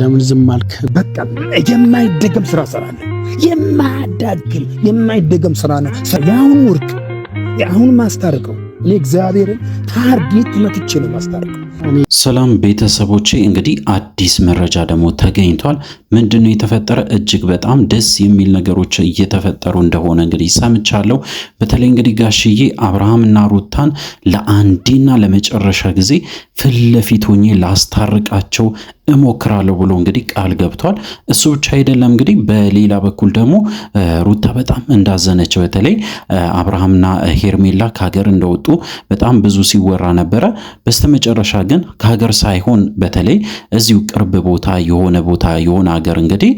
ለምን ዝም አልክ? በቃ የማይደገም ስራ ስራ ነው። የማያዳግም የማይደገም ስራ ነው። የአሁኑ እርቅ የአሁኑ ማስታርቀው እኔ እግዚአብሔርን ታርጌት መትቼ ነው ማስታርቀው ሰላም ቤተሰቦቼ፣ እንግዲህ አዲስ መረጃ ደግሞ ተገኝቷል። ምንድነው የተፈጠረ? እጅግ በጣም ደስ የሚል ነገሮች እየተፈጠሩ እንደሆነ እንግዲህ ሰምቻለሁ። በተለይ እንግዲህ ጋሽዬ አብርሃምና ሩታን ለአንዴና ለመጨረሻ ጊዜ ፊት ለፊት ሆኜ ላስታርቃቸው እሞክራለሁ ብሎ እንግዲህ ቃል ገብቷል። እሱ ብቻ አይደለም እንግዲህ በሌላ በኩል ደግሞ ሩታ በጣም እንዳዘነች በተለይ አብርሃምና ሄርሜላ ከሀገር እንደወጡ በጣም ብዙ ሲወራ ነበረ። በስተመጨረሻ ግን ከሀገር ሳይሆን በተለይ እዚሁ ቅርብ ቦታ የሆነ ቦታ የሆነ ሀገር እንግዲህ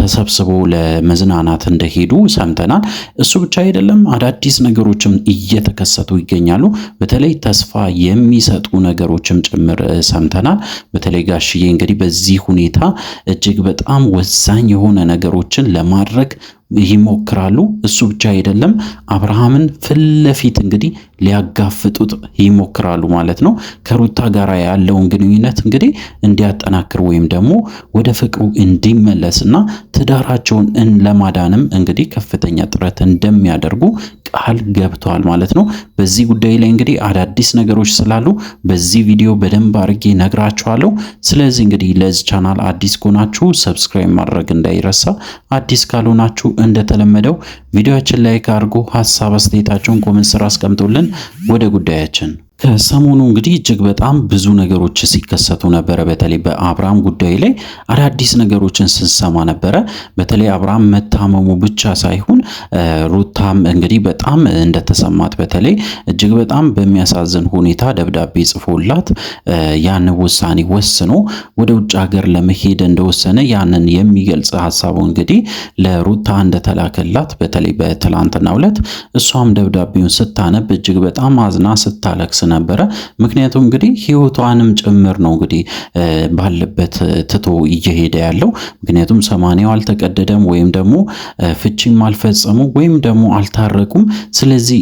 ተሰብስቦ ለመዝናናት እንደሄዱ ሰምተናል። እሱ ብቻ አይደለም፣ አዳዲስ ነገሮችም እየተከሰቱ ይገኛሉ። በተለይ ተስፋ የሚሰጡ ነገሮችም ጭምር ሰምተናል። በተለይ ጋሽዬ እንግዲህ በዚህ ሁኔታ እጅግ በጣም ወሳኝ የሆነ ነገሮችን ለማድረግ ይሞክራሉ። እሱ ብቻ አይደለም፣ አብርሃምን ፍለፊት እንግዲህ ሊያጋፍጡት ይሞክራሉ ማለት ነው። ከሩታ ጋር ያለውን ግንኙነት እንግዲህ እንዲያጠናክር ወይም ደግሞ ወደ ፍቅሩ እንዲመለስና ትዳራቸውን ለማዳንም እንግዲህ ከፍተኛ ጥረት እንደሚያደርጉ ቃል ገብተዋል ማለት ነው። በዚህ ጉዳይ ላይ እንግዲህ አዳዲስ ነገሮች ስላሉ በዚህ ቪዲዮ በደንብ አድርጌ ነግራችኋለሁ። ስለዚህ እንግዲህ ለዚህ ቻናል አዲስ ከሆናችሁ ሰብስክራይብ ማድረግ እንዳይረሳ፣ አዲስ ካልሆናችሁ እንደተለመደው ቪዲዮችን ላይክ አድርጉ፣ ሀሳብ አስተያየታችሁን ኮሜንት ስራ አስቀምጡልን። ወደ ጉዳያችን ከሰሞኑ እንግዲህ እጅግ በጣም ብዙ ነገሮች ሲከሰቱ ነበረ። በተለይ በአብርሃም ጉዳይ ላይ አዳዲስ ነገሮችን ስንሰማ ነበረ። በተለይ አብርሃም መታመሙ ብቻ ሳይሆን ሩታም እንግዲህ በጣም እንደተሰማት በተለይ እጅግ በጣም በሚያሳዝን ሁኔታ ደብዳቤ ጽፎላት ያን ውሳኔ ወስኖ ወደ ውጭ ሀገር ለመሄድ እንደወሰነ ያንን የሚገልጽ ሀሳቡ እንግዲህ ለሩታ እንደተላከላት በተለይ በትላንትናው ዕለት እሷም ደብዳቤውን ስታነብ እጅግ በጣም አዝና ስታለቅስ ነበረ። ምክንያቱም እንግዲህ ህይወቷንም ጭምር ነው እንግዲህ ባለበት ትቶ እየሄደ ያለው ምክንያቱም ሰማንያው አልተቀደደም ወይም ደግሞ ፍቺም አልፈጸሙ ወይም ደግሞ አልታረቁም። ስለዚህ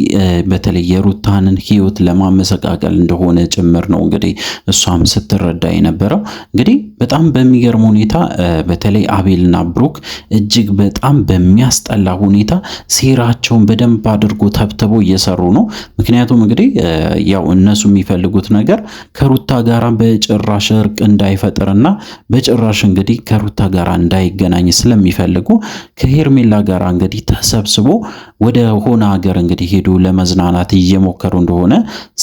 በተለይ የሩታንን ህይወት ለማመሰቃቀል እንደሆነ ጭምር ነው እንግዲህ እሷም ስትረዳ የነበረው እንግዲህ በጣም በሚገርም ሁኔታ በተለይ አቤልና ብሩክ እጅግ በጣም በሚያስጠላ ሁኔታ ሴራቸውን በደንብ አድርጎ ተብትቦ እየሰሩ ነው። ምክንያቱም እንግዲህ ያው እነሱ የሚፈልጉት ነገር ከሩታ ጋራ በጭራሽ እርቅ እንዳይፈጥርና በጭራሽ እንግዲህ ከሩታ ጋራ እንዳይገናኝ ስለሚፈልጉ ከሄርሜላ ጋራ እንግዲህ ተሰብስቦ ወደ ሆነ ሀገር እንግዲህ ሄዱ ለመዝናናት እየሞከሩ እንደሆነ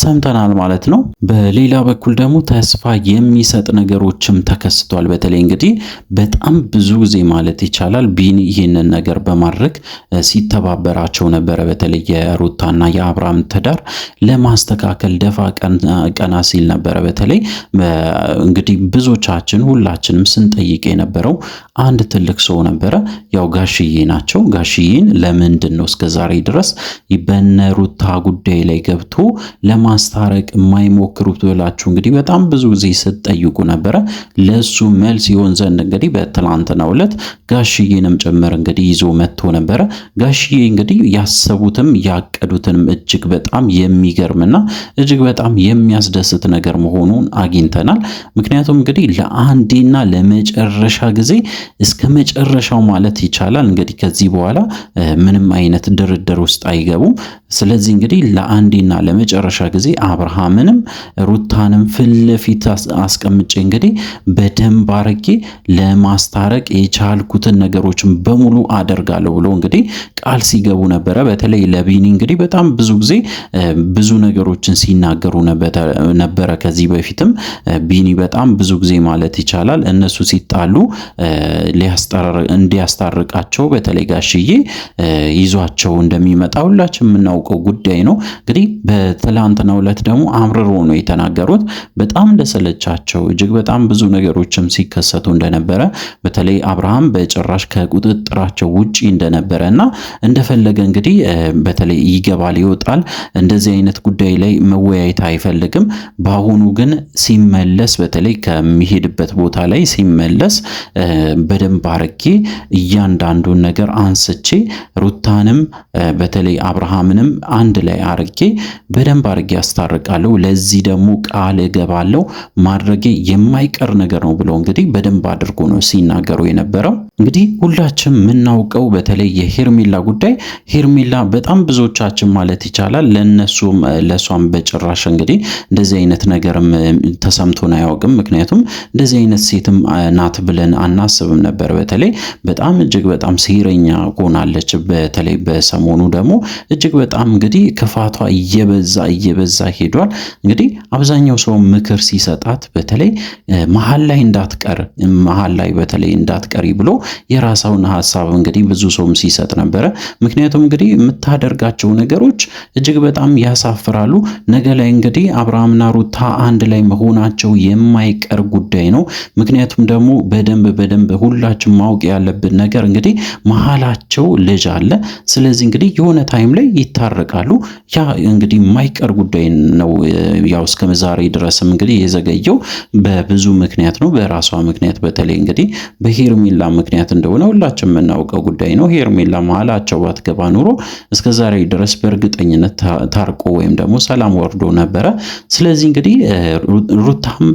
ሰምተናል ማለት ነው። በሌላ በኩል ደግሞ ተስፋ የሚሰጥ ነገሮችም ተከስቷል። በተለይ እንግዲህ በጣም ብዙ ጊዜ ማለት ይቻላል ቢኒ ይህንን ነገር በማድረግ ሲተባበራቸው ነበረ። በተለይ የሩታና የአብርሃም ትዳር ለማስተካከል ደፋ ቀና ሲል ነበረ። በተለይ እንግዲህ ብዙቻችን ሁላችንም ስንጠይቅ የነበረው አንድ ትልቅ ሰው ነበረ። ያው ጋሽዬ ናቸው። ጋሽዬን ለምንድን ነው እስከዛሬ ድረስ በነሩታ ጉዳይ ላይ ገብቶ ለማስታረቅ የማይሞክሩት ብላችሁ እንግዲህ በጣም ብዙ ጊዜ ስትጠይቁ ነበረ። ለሱ መልስ ይሆን ዘንድ እንግዲህ በትላንትናው ዕለት ጋሽዬንም ጭምር እንግዲህ ይዞ መጥቶ ነበረ። ጋሽዬ እንግዲህ ያሰቡትም ያቀዱትንም እጅግ በጣም የሚገርምና እጅግ በጣም የሚያስደስት ነገር መሆኑን አግኝተናል። ምክንያቱም እንግዲህ ለአንዴና ለመጨረሻ ጊዜ እስከ መጨረሻው ማለት ይቻላል እንግዲህ ከዚህ በኋላ ምንም አይነት ድርድር ውስጥ አይገቡም። ስለዚህ እንግዲህ ለአንዴና ለመጨረሻ ጊዜ አብርሃምንም ሩታንም ፊት ለፊት አስቀምጬ እንግዲህ በደንብ አርጌ ለማስታረቅ የቻልኩትን ነገሮችን በሙሉ አደርጋለሁ ብሎ እንግዲህ ቃል ሲገቡ ነበረ። በተለይ ለቢኒ እንግዲህ በጣም ብዙ ጊዜ ብዙ ነገሮችን ሲ ሲናገሩ ነበረ። ከዚህ በፊትም ቢኒ በጣም ብዙ ጊዜ ማለት ይቻላል እነሱ ሲጣሉ እንዲያስታርቃቸው በተለይ ጋሽዬ ይዟቸው እንደሚመጣ ሁላችን የምናውቀው ጉዳይ ነው። እንግዲህ በትላንትናው ዕለት ደግሞ አምርሮ ነው የተናገሩት። በጣም እንደሰለቻቸው እጅግ በጣም ብዙ ነገሮችም ሲከሰቱ እንደነበረ በተለይ አብርሃም በጭራሽ ከቁጥጥራቸው ውጪ እንደነበረ እና እንደፈለገ እንግዲህ በተለይ ይገባል ይወጣል እንደዚህ አይነት ጉዳይ ላይ መወያየት አይፈልግም። በአሁኑ ግን ሲመለስ በተለይ ከሚሄድበት ቦታ ላይ ሲመለስ በደንብ አርጌ እያንዳንዱን ነገር አንስቼ ሩታንም በተለይ አብርሃምንም አንድ ላይ አርጌ በደንብ አርጌ ያስታርቃለሁ። ለዚህ ደግሞ ቃል እገባለሁ ማድረጌ የማይቀር ነገር ነው ብለው እንግዲህ በደንብ አድርጎ ነው ሲናገሩ የነበረው። እንግዲህ ሁላችን የምናውቀው በተለይ የሄርሜላ ጉዳይ ሄርሜላ በጣም ብዙዎቻችን ማለት ይቻላል ለነሱ ለሷም በጭራሽ እንግዲህ እንደዚህ አይነት ነገርም ተሰምቶን አያውቅም። ምክንያቱም እንደዚህ አይነት ሴትም ናት ብለን አናስብም ነበር። በተለይ በጣም እጅግ በጣም ሴረኛ ሆናለች። በተለይ በሰሞኑ ደግሞ እጅግ በጣም እንግዲህ ክፋቷ እየበዛ እየበዛ ሄዷል። እንግዲህ አብዛኛው ሰው ምክር ሲሰጣት በተለይ መሀል ላይ እንዳትቀር መሀል ላይ በተለይ እንዳትቀሪ ብሎ የራሳውን ሀሳብ እንግዲህ ብዙ ሰውም ሲሰጥ ነበረ። ምክንያቱም እንግዲህ የምታደርጋቸው ነገሮች እጅግ በጣም ያሳፍራሉ። ነገ ላይ እንግዲህ አብርሃምና ሩታ አንድ ላይ መሆናቸው የማይቀር ጉዳይ ነው። ምክንያቱም ደግሞ በደንብ በደንብ ሁላችን ማወቅ ያለብን ነገር እንግዲህ መሀላቸው ልጅ አለ። ስለዚህ እንግዲህ የሆነ ታይም ላይ ይታረቃሉ። ያ እንግዲህ የማይቀር ጉዳይ ነው ያው እስከ ዛሬ ድረስም እንግዲህ የዘገየው በብዙ ምክንያት ነው። በራሷ ምክንያት በተለይ እንግዲህ በሄርሜላ ምክንያት እንደሆነ ሁላችን የምናውቀው ጉዳይ ነው። ሄርሜላ መሀላቸው ባትገባ ኑሮ እስከ ዛሬ ድረስ በእርግጠኝነት ታርቆ ወይም ደግሞ ሰላም ወርዶ ነበረ። ስለዚህ እንግዲህ ሩታም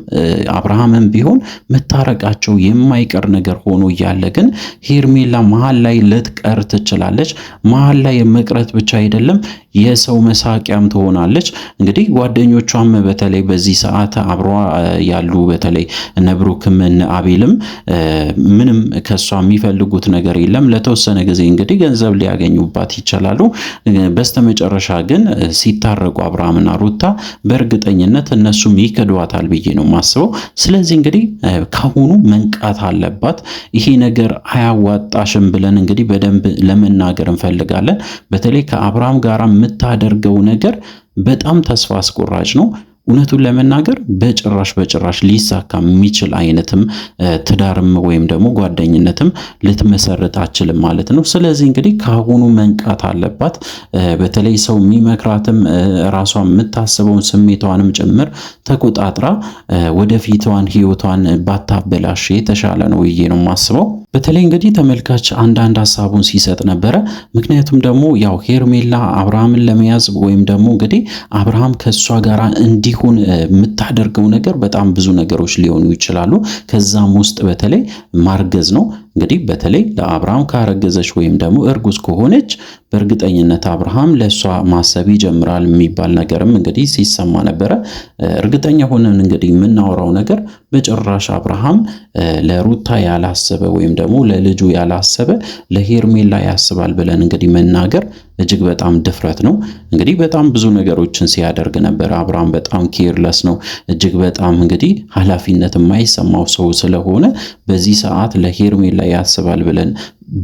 አብርሃምም ቢሆን መታረቃቸው የማይቀር ነገር ሆኖ እያለ ግን ሄርሜላ መሀል ላይ ልትቀር ትችላለች። መሀል ላይ መቅረት ብቻ አይደለም የሰው መሳቂያም ትሆናለች። እንግዲህ ጓደኞቿም በተለይ በዚህ ሰዓት አብሯ ያሉ በተለይ እነ ብሩክም እነ አቤልም ምንም ከእሷ የሚፈልጉት ነገር የለም። ለተወሰነ ጊዜ እንግዲህ ገንዘብ ሊያገኙባት ይችላሉ። በስተመጨረሻ ግን ሲታረቁ አብርሃምና ሩታ በእርግጠኝነት እነሱም ይክዷታል ብዬ ነው ማስበው ስለዚህ እንግዲህ ካሁኑ መንቃት አለባት። ይሄ ነገር አያዋጣሽም ብለን እንግዲህ በደንብ ለመናገር እንፈልጋለን። በተለይ ከአብርሃም ጋር የምታደርገው ነገር በጣም ተስፋ አስቆራጭ ነው። እውነቱን ለመናገር በጭራሽ በጭራሽ ሊሳካ የሚችል አይነትም ትዳርም ወይም ደግሞ ጓደኝነትም ልትመሰርት አችልም ማለት ነው። ስለዚህ እንግዲህ ከአሁኑ መንቃት አለባት። በተለይ ሰው የሚመክራትም ራሷ የምታስበውን ስሜቷንም ጭምር ተቆጣጥራ ወደፊቷን ህይወቷን ባታበላሽ የተሻለ ነው ብዬ ነው የማስበው። በተለይ እንግዲህ ተመልካች አንዳንድ ሀሳቡን ሲሰጥ ነበረ። ምክንያቱም ደግሞ ያው ሄርሜላ አብርሃምን ለመያዝ ወይም ደግሞ እንግዲህ አብርሃም ከእሷ ጋር እንዲሁን የምታደርገው ነገር በጣም ብዙ ነገሮች ሊሆኑ ይችላሉ። ከዛም ውስጥ በተለይ ማርገዝ ነው። እንግዲህ በተለይ ለአብርሃም ካረገዘች ወይም ደግሞ እርጉዝ ከሆነች በእርግጠኝነት አብርሃም ለእሷ ማሰብ ይጀምራል የሚባል ነገርም እንግዲህ ሲሰማ ነበረ። እርግጠኛ ሆነን እንግዲህ የምናወራው ነገር በጭራሽ አብርሃም ለሩታ ያላሰበ ወይም ደግሞ ለልጁ ያላሰበ ለሄርሜላ ያስባል ብለን እንግዲህ መናገር እጅግ በጣም ድፍረት ነው። እንግዲህ በጣም ብዙ ነገሮችን ሲያደርግ ነበር አብርሃም። በጣም ኬርለስ ነው። እጅግ በጣም እንግዲህ ኃላፊነት የማይሰማው ሰው ስለሆነ በዚህ ሰዓት ለሄርሜላ ላይ ያስባል ብለን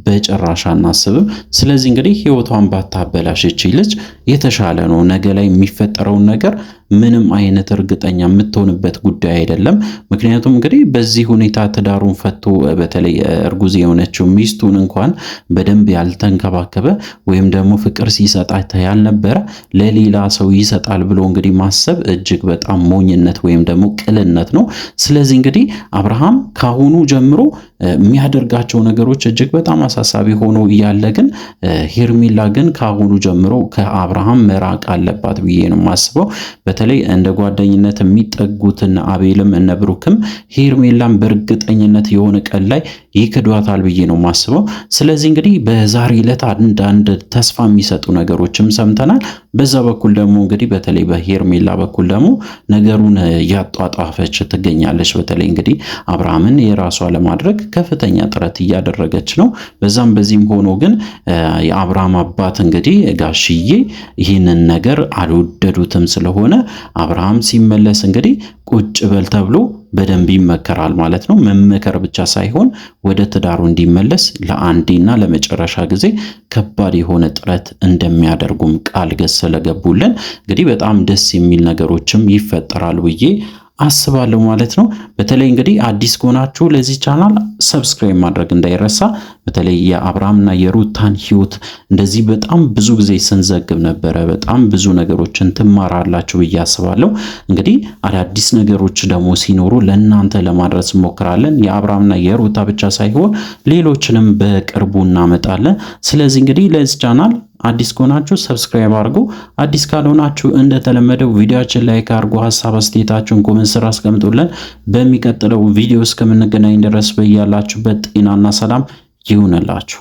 በጭራሽ አናስብም። ስለዚህ እንግዲህ ህይወቷን ባታበላሽ ልጅ የተሻለ ነው። ነገ ላይ የሚፈጠረውን ነገር ምንም አይነት እርግጠኛ የምትሆንበት ጉዳይ አይደለም። ምክንያቱም እንግዲህ በዚህ ሁኔታ ትዳሩን ፈቶ በተለይ እርጉዝ የሆነችው ሚስቱን እንኳን በደንብ ያልተንከባከበ ወይም ደግሞ ፍቅር ሲሰጣት ያልነበረ ለሌላ ሰው ይሰጣል ብሎ እንግዲህ ማሰብ እጅግ በጣም ሞኝነት ወይም ደግሞ ቅልነት ነው። ስለዚህ እንግዲህ አብርሃም ካሁኑ ጀምሮ የሚያደርጋቸው ነገሮች እጅግ በጣም በጣም አሳሳቢ ሆኖ እያለ ግን ሄርሜላ ግን ከአሁኑ ጀምሮ ከአብርሃም መራቅ አለባት ብዬ ነው የማስበው። በተለይ እንደ ጓደኝነት የሚጠጉትን አቤልም እነ ብሩክም ሄርሜላም በእርግጠኝነት የሆነ ቀን ላይ ይክዷታል ብዬ ነው የማስበው። ስለዚህ እንግዲህ በዛሬ ዕለት አንዳንድ ተስፋ የሚሰጡ ነገሮችም ሰምተናል። በዛ በኩል ደግሞ እንግዲህ በተለይ በሄርሜላ በኩል ደግሞ ነገሩን እያጧጣፈች ትገኛለች። በተለይ እንግዲህ አብርሃምን የራሷ ለማድረግ ከፍተኛ ጥረት እያደረገች ነው። በዛም በዚህም ሆኖ ግን የአብርሃም አባት እንግዲህ ጋሽዬ ይህንን ነገር አልወደዱትም። ስለሆነ አብርሃም ሲመለስ እንግዲህ ቁጭ በል ተብሎ በደንብ ይመከራል ማለት ነው። መመከር ብቻ ሳይሆን ወደ ትዳሩ እንዲመለስ ለአንዴና ለመጨረሻ ጊዜ ከባድ የሆነ ጥረት እንደሚያደርጉም ቃል ስለገቡልን እንግዲህ በጣም ደስ የሚል ነገሮችም ይፈጠራል ብዬ አስባለሁ ማለት ነው። በተለይ እንግዲህ አዲስ ከሆናችሁ ለዚህ ቻናል ሰብስክራይብ ማድረግ እንዳይረሳ። በተለይ የአብርሃምና የሩታን ህይወት እንደዚህ በጣም ብዙ ጊዜ ስንዘግብ ነበረ። በጣም ብዙ ነገሮችን ትማራላችሁ ብዬ አስባለሁ። እንግዲህ አዳዲስ ነገሮች ደግሞ ሲኖሩ ለእናንተ ለማድረስ እንሞክራለን። የአብርሃምና የሩታ ብቻ ሳይሆን ሌሎችንም በቅርቡ እናመጣለን። ስለዚህ እንግዲህ ለዚህ ቻናል አዲስ ከሆናችሁ ሰብስክራይብ አድርጉ። አዲስ ካልሆናችሁ እንደተለመደው ቪዲዮአችን ላይክ አድርጉ። ሀሳብ አስተያየታችሁን ኮሜንት ስራ አስቀምጡልን። በሚቀጥለው ቪዲዮ እስከምንገናኝ ድረስ በያላችሁበት ጤናና ሰላም ይሁንላችሁ።